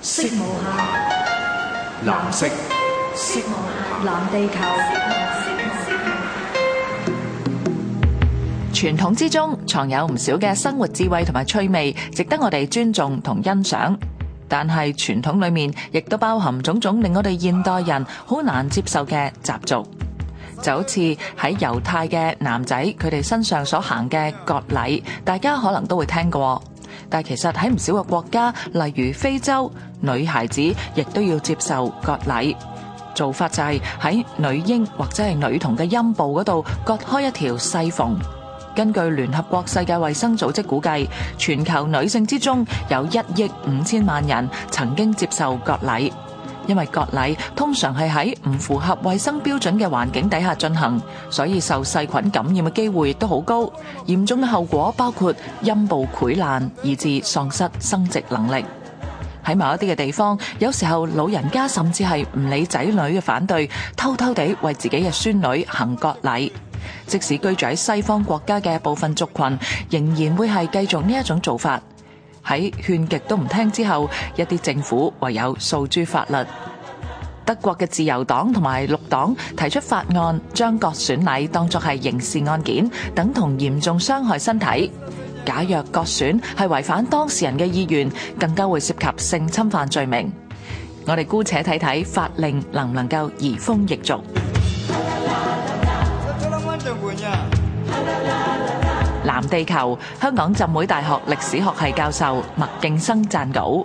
色無暇，藍色，色無暇，藍色，藍地球。傳統之中藏有唔少嘅生活智慧同埋趣味，值得我哋尊重同欣賞。但係傳統裏面亦都包含種種令我哋現代人好難接受嘅習俗，就好似喺猶太嘅男仔佢哋身上所行嘅割禮，大家可能都會聽過。但係其實喺唔少嘅國家，例如非洲，女孩子亦都要接受割禮。做法就係喺女嬰或者係女童嘅陰部嗰度割開一條細縫。根據聯合國世界衛生組織估計，全球女性之中有一億五千萬人曾經接受割禮。因為割禮通常係喺唔符合衛生標準嘅環境底下進行，所以受細菌感染嘅機會都好高。嚴重嘅後果包括陰部潰爛，以致喪失生殖能力。喺某一啲嘅地方，有時候老人家甚至係唔理仔女嘅反對，偷偷地為自己嘅孫女行割禮。即使居住喺西方國家嘅部分族群，仍然會係繼續呢一種做法。喺勸極都唔聽之後，一啲政府唯有訴諸法律。德國嘅自由黨同埋綠黨提出法案，將割損禮當作係刑事案件，等同嚴重傷害身體。假若割損係違反當事人嘅意願，更加會涉及性侵犯罪名。我哋姑且睇睇法令能唔能夠移風易俗。藍地球，香港浸會大學歷史學系教授麥勁生撰稿。